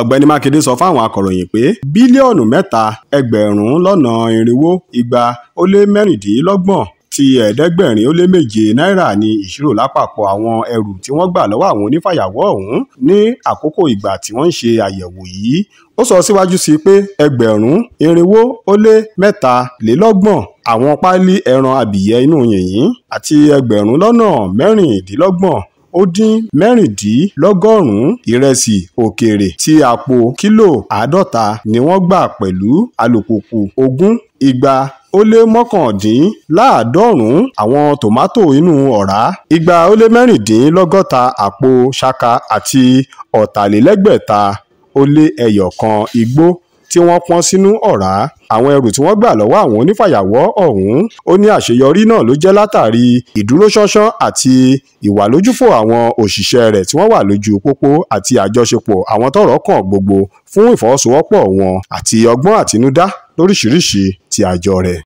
ọ̀gbẹ́ni mákindé sọ fáwọn akọ̀ròyìn pé bílíọ̀nù mẹ́ta ẹgbẹ̀rún lọ́nà irinwó igba ó lé mẹ́rìndínlọ́gbọ̀n ti ẹ̀ẹ́dẹ́gbẹ̀rin ó lé méje náírà ni ìṣirò lápapọ̀ àwọn ẹrù tí wọ́n gbà lọ́wọ́ àwọn onífàyàwọ́ ọ̀hún ní àkókò ìgbà tí wọ́n ń ṣe àyẹ̀wò yìí ó sọ síwájú sí i pé ẹgbẹ̀rún irinwó ó lé mẹ́talélọ́gbọ̀n àwọn páálí ẹran abìyẹ́ inú yìnyín àti ẹgbẹ̀rún lọ́nà mẹ́rìndínlọ́gbọ̀n ó dín mẹ́rìndínlọ́gọ́rùn-ún ìrẹsì òkèèrè tí àpò kílò àádọ́ta ni wọ́n gbà pẹ̀lú alùpùpù ogún igba ó lé mọ́kàndínláàádọ́rùn-ún àwọn tòmátò inú ọ̀rá igba ó lé mẹ́rìndínlọ́gọ́ta àpò ṣaka àti ọ̀tàlélẹ́gbẹ̀ta ó lé ẹyọ kan igbó tí wọ́n pọ́n sínú ọ̀rá àwọn ẹrù tí wọ́n gbà lọ́wọ́ àwọn onífàyàwọ́ ọ̀hún ó ní àṣeyọrí náà ló jẹ́ látàrí ìdúróṣánṣán àti ìwà lójúfò àwọn òṣìṣẹ́ rẹ̀ tí wọ́n wà lójú pópó àti àjọṣepọ̀ àwọn tọ́rọ̀ kàn gbogbo fún ìfọwọ́sowọ́pọ̀ wọn àti ọgbọ́n àtinúdá lóríṣiríṣi ti àjọ rẹ̀.